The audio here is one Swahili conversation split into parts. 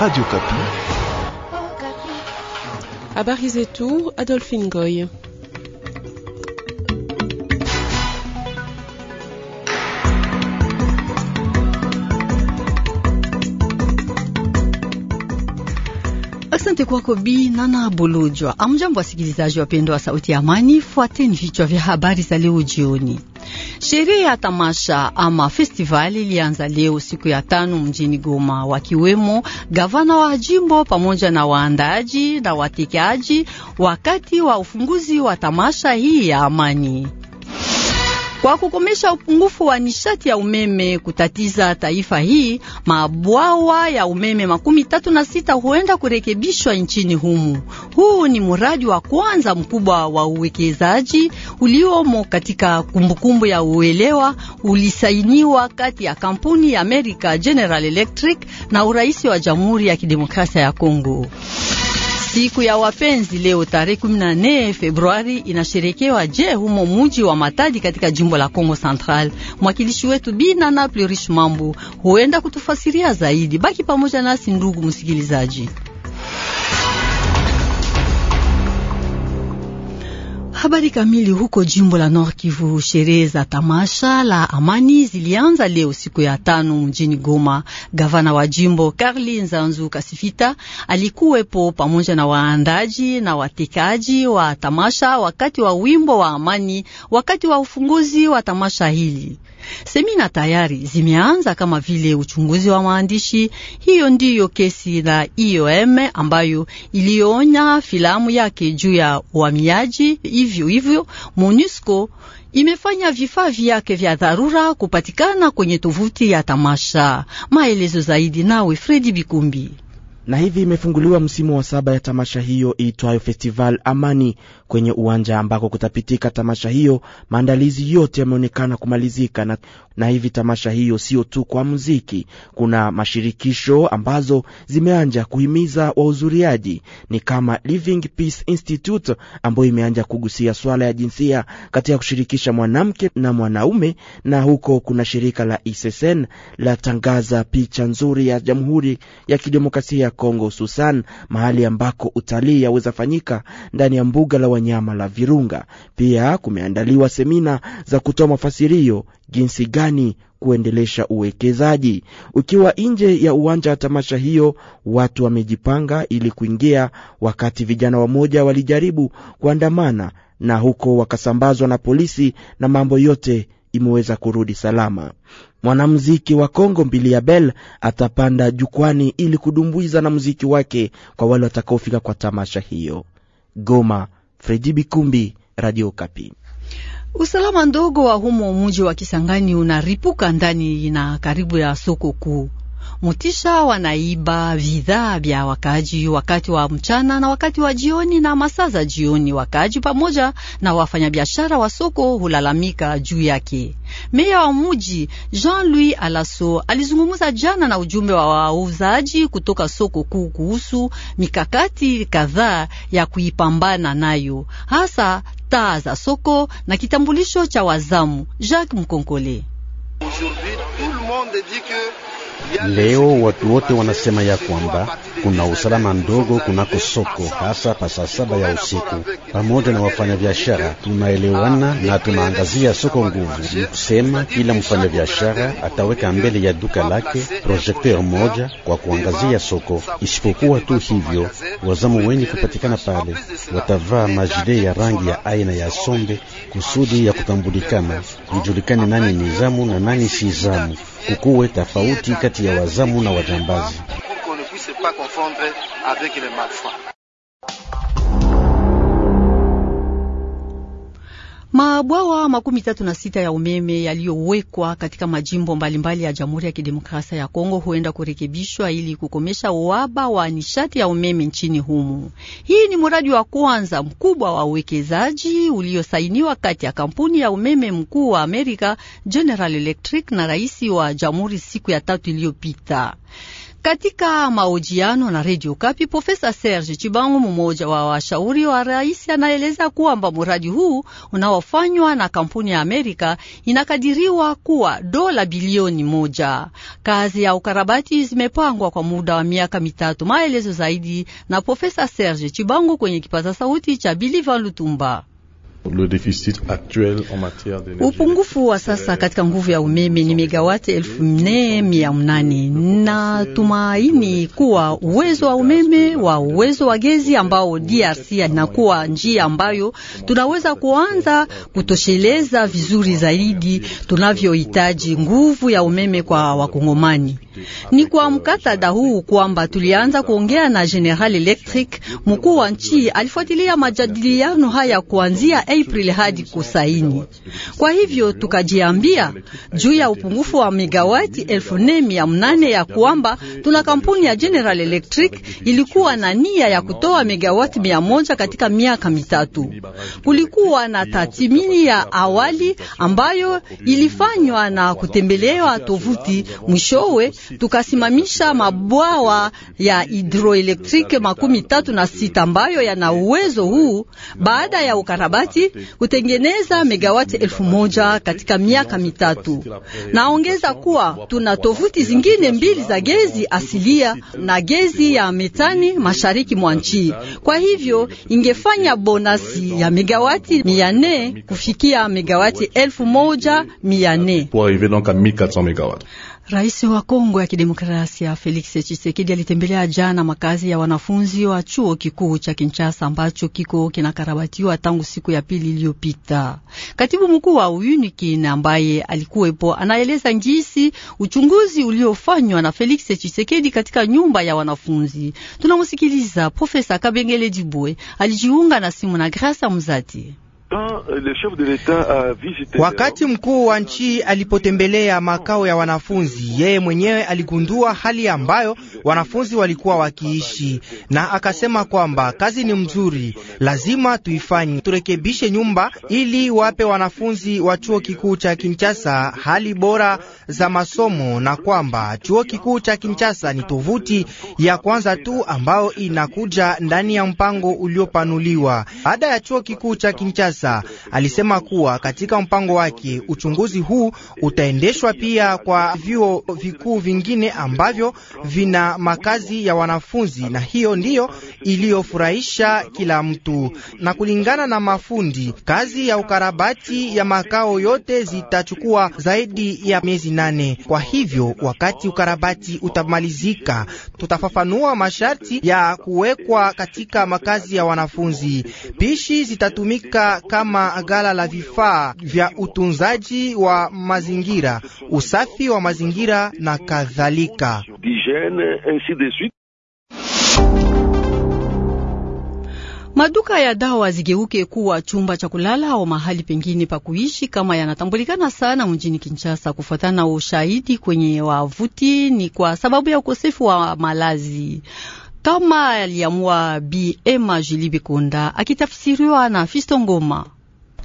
Radio Kapi. Habari zetu, Adolphine Goy. Asante kwako Bi Nana Bulujwa. Amjambo wasikilizaji wapendwa wa Sauti ya Amani, fuateni vichwa vya habari za leo jioni. Sherehe ya tamasha ama festivali ilianza leo siku ya tano mjini Goma, wakiwemo gavana wa jimbo pamoja na waandaaji na watekaji wakati wa ufunguzi wa tamasha hii ya amani kwa kukomesha upungufu wa nishati ya umeme kutatiza taifa hii. Mabwawa ya umeme makumi tatu na sita huenda kurekebishwa nchini humu. Huu ni mradi wa kwanza mkubwa wa uwekezaji uliomo katika kumbukumbu ya uelewa ulisainiwa kati ya kampuni ya America General Electric na urais wa Jamhuri ya Kidemokrasia ya Kongo. Siku ya wapenzi leo tarehe 14 Februari inasherekewa. Je, humo muji wa Matadi katika jimbo la Kongo Central, mwakilishi wetu Bina na Plurish Mambu huenda kutufasiria zaidi. Baki pamoja nasi ndugu msikilizaji. Habari kamili. Huko jimbo la Nord Kivu, sherehe za tamasha la amani zilianza leo siku ya tano mjini Goma. Gavana wa jimbo Karli Nzanzu Kasifita alikuwepo pamoja na waandaji na watekaji wa tamasha wakati wa wimbo wa amani, wakati wa ufunguzi wa tamasha hili. Semina tayari zimeanza kama vile uchunguzi wa maandishi. Hiyo ndiyo kesi la IOM ambayo ilionya filamu yake juu ya uhamiaji Vivyo hivyo MONUSCO imefanya vifaa vyake vya dharura kupatikana kwenye tovuti ya tamasha. Maelezo zaidi nawe Fredi Bikumbi na hivi imefunguliwa msimu wa saba ya tamasha hiyo iitwayo Festival Amani kwenye uwanja ambako kutapitika tamasha hiyo. Maandalizi yote yameonekana kumalizika na, na hivi tamasha hiyo sio tu kwa muziki, kuna mashirikisho ambazo zimeanja kuhimiza wahudhuriaji ni kama Living Peace Institute ambayo imeanja kugusia swala ya jinsia katika kushirikisha mwanamke na mwanaume, na huko kuna shirika la ISSN e la tangaza picha nzuri ya Jamhuri ya Kidemokrasia ya Kongo, hususan mahali ambako utalii yaweza fanyika ndani ya mbuga la wanyama la Virunga. Pia kumeandaliwa semina za kutoa mafasirio jinsi gani kuendelesha uwekezaji. Ukiwa nje ya uwanja wa tamasha hiyo, watu wamejipanga ili kuingia, wakati vijana wamoja walijaribu kuandamana na huko wakasambazwa na polisi na mambo yote imeweza kurudi salama. Mwanamuziki wa Kongo ya Bel atapanda jukwani ili kudumbuiza na muziki wake kwa wale watakaofika kwa tamasha hiyo. Goma, Fredi Bikumbi, Radio Kapi. Usalama ndogo wa humo mji wa Kisangani unaripuka ndani na karibu ya soko kuu Mutisha wanaiba vidhaa vya wakaaji wakati wa mchana na wakati wa jioni na masaa za jioni. Wakaaji pamoja na wafanyabiashara wa soko hulalamika juu yake. Meya wa muji Jean-Louis Alaso alizungumza jana na ujumbe wa wauzaji kutoka soko kuu kuhusu mikakati kadhaa ya kuipambana nayo, hasa taa za soko na kitambulisho cha wazamu. Jacques Mkonkole Leo watu wote wanasema ya kwamba kuna usalama ndogo kunako soko, hasa pa saa saba ya usiku. Pamoja na wafanyabiashara tunaelewana na tunaangazia soko nguvu. Ni kusema kila mfanyabiashara ataweka mbele ya duka lake projekteur moja kwa kuangazia soko. Isipokuwa tu hivyo, wazamu wenye kupatikana pale watavaa majile ya rangi ya aina ya sombe kusudi ya kutambulikana, ijulikane nani ni zamu na nani si zamu, kukuwe tofauti Pour qu'on ne puisse pas confondre avec les mafia. Mabwawa makumi tatu na sita ya umeme yaliyowekwa katika majimbo mbalimbali ya Jamhuri ya Kidemokrasia ya Kongo huenda kurekebishwa ili kukomesha uhaba wa nishati ya umeme nchini humu. Hii ni mradi wa kwanza mkubwa wa uwekezaji uliosainiwa kati ya kampuni ya umeme mkuu wa Amerika General Electric na rais wa Jamhuri siku ya tatu iliyopita. Katika mahojiano na Radio Kapi, Profesa Serge chibango mmoja wa washauri wa rais, anaeleza kwamba mradi huu unaofanywa na kampuni ya Amerika inakadiriwa kuwa dola bilioni moja. Kazi ya ukarabati zimepangwa kwa muda wa miaka mitatu. Maelezo zaidi na Profesa Serge chibango kwenye kipaza sauti cha Bilivan Lutumba. Le déficit actuel en matière d'énergie. upungufu wa sasa katika nguvu ya umeme ni megawati elfu nne mia na tumaini kuwa uwezo wa umeme wa uwezo wa gezi ambao DRC inakuwa njia ambayo tunaweza kuanza kutosheleza vizuri zaidi tunavyohitaji nguvu ya umeme kwa Wakongomani. Ni kwa mkatada huu kwamba tulianza kuongea na General Electric. Mkuu wa nchi alifuatilia majadiliano haya kuanzia April hadi kusaini. Kwa hivyo tukajiambia juu ya upungufu wa megawati elfu nne mia nane ya kwamba tuna kampuni ya General Electric ilikuwa na nia ya kutoa megawati mia moja katika miaka mitatu. Kulikuwa na tathmini ya awali ambayo ilifanywa na kutembelewa tovuti mwishowe tukasimamisha mabwawa ya hidroelektrike makumi tatu na sita ambayo yana uwezo huu, baada ya ukarabati kutengeneza megawati elfu moja katika miaka mitatu. Naongeza kuwa tuna tovuti zingine mbili za gezi asilia na gezi ya metani mashariki mwa nchi, kwa hivyo ingefanya bonasi ya megawati mia nne kufikia megawati elfu moja mia nne. Rais wa Kongo ya Kidemokrasia Felix Tshisekedi alitembelea jana makazi ya wanafunzi wa chuo kikuu cha Kinshasa ambacho kiko kinakarabatiwa tangu siku ya pili iliyopita. Katibu mkuu wa UNIKIN ambaye alikuwepo anaeleza njisi uchunguzi uliofanywa na Felix Tshisekedi katika nyumba ya wanafunzi. Tunamusikiliza. Profesa Kabengele Dibwe alijiunga na simu na Grasa Mzati. Euh, Wakati mkuu wa nchi alipotembelea makao ya wanafunzi, yeye mwenyewe aligundua hali ambayo wanafunzi walikuwa wakiishi, na akasema kwamba kazi ni mzuri, lazima tuifanye, turekebishe nyumba ili wape wanafunzi wa chuo kikuu cha Kinshasa hali bora za masomo, na kwamba chuo kikuu cha Kinshasa ni tovuti ya kwanza tu ambayo inakuja ndani ya mpango uliopanuliwa baada ya chuo kikuu cha Kinshasa Kinshasa. Alisema kuwa katika mpango wake uchunguzi huu utaendeshwa pia kwa vyuo vikuu vingine ambavyo vina makazi ya wanafunzi, na hiyo ndiyo iliyofurahisha kila mtu. Na kulingana na mafundi, kazi ya ukarabati ya makao yote zitachukua zaidi ya miezi nane. Kwa hivyo wakati ukarabati utamalizika, tutafafanua masharti ya kuwekwa katika makazi ya wanafunzi. Pishi zitatumika kama gala la vifaa vya utunzaji wa mazingira, usafi wa mazingira na kadhalika. Maduka ya dawa zigeuke kuwa chumba cha kulala au mahali pengine pa kuishi kama yanatambulikana sana mjini Kinshasa, kufuatana na ushahidi kwenye wavuti, ni kwa sababu ya ukosefu wa malazi kama aliamua Bi Ema Jili Bikonda, akitafsiriwa na Fisto Ngoma.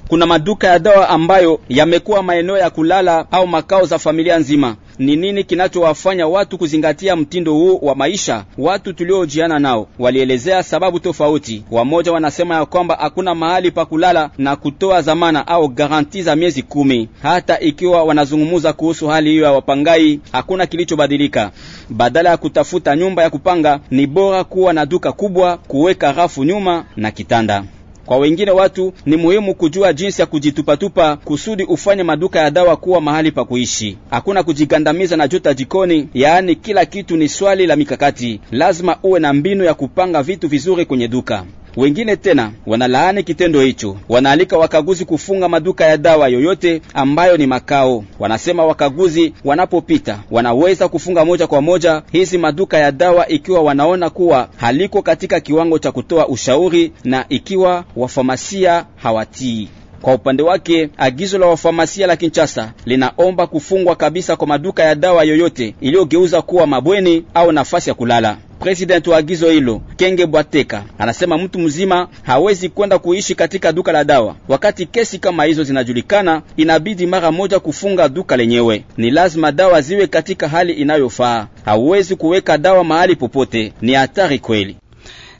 Kuna maduka ya dawa ambayo yamekuwa maeneo ya kulala au makao za familia nzima. Ni nini kinachowafanya watu kuzingatia mtindo huu wa maisha? Watu tuliojiana nao walielezea sababu tofauti. Wamoja wanasema ya kwamba hakuna mahali pa kulala na kutoa zamana au garanti za miezi kumi. Hata ikiwa wanazungumuza kuhusu hali hiyo ya wapangai, hakuna kilichobadilika. Badala ya kutafuta nyumba ya kupanga, ni bora kuwa na duka kubwa, kuweka rafu nyuma na kitanda. Kwa wengine watu ni muhimu kujua jinsi ya kujitupatupa kusudi ufanye maduka ya dawa kuwa mahali pa kuishi. Hakuna kujigandamiza na juta jikoni, yaani kila kitu ni swali la mikakati. Lazima uwe na mbinu ya kupanga vitu vizuri kwenye duka. Wengine tena wanalaani kitendo hicho, wanaalika wakaguzi kufunga maduka ya dawa yoyote ambayo ni makao. Wanasema wakaguzi wanapopita wanaweza kufunga moja kwa moja hizi maduka ya dawa ikiwa wanaona kuwa haliko katika kiwango cha kutoa ushauri na ikiwa wafamasia hawatii. Kwa upande wake agizo la wafamasia la Kinshasa linaomba kufungwa kabisa kwa maduka ya dawa yoyote iliyogeuza kuwa mabweni au nafasi ya kulala president wa agizo hilo Kenge Bwateka anasema mtu mzima hawezi kwenda kuishi katika duka la dawa. Wakati kesi kama hizo zinajulikana, inabidi mara moja kufunga duka lenyewe. Ni lazima dawa ziwe katika hali inayofaa, hauwezi kuweka dawa mahali popote, ni hatari kweli.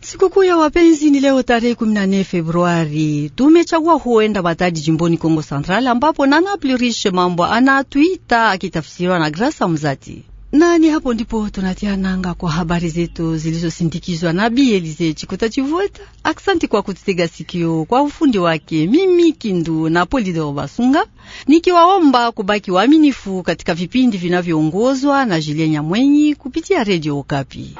Sikukuu ya wapenzi ni leo tarehe 14 Februari. Tumechagua huenda Bataji jimboni Kongo Central, ambapo Nana Plurish Mambo anatwita akitafsiriwa na Grasa Mzati nani hapo ndipo tunatia nanga kwa habari zetu zilizosindikizwa na Bi Elize Chikota Chivueta. Aksanti kwa kututega sikio, kwa ufundi wake mimi Kindu na Polidoro Basunga, nikiwaomba kubaki waaminifu katika vipindi vinavyoongozwa na Julien Nyamwenyi kupitia Redio Okapi.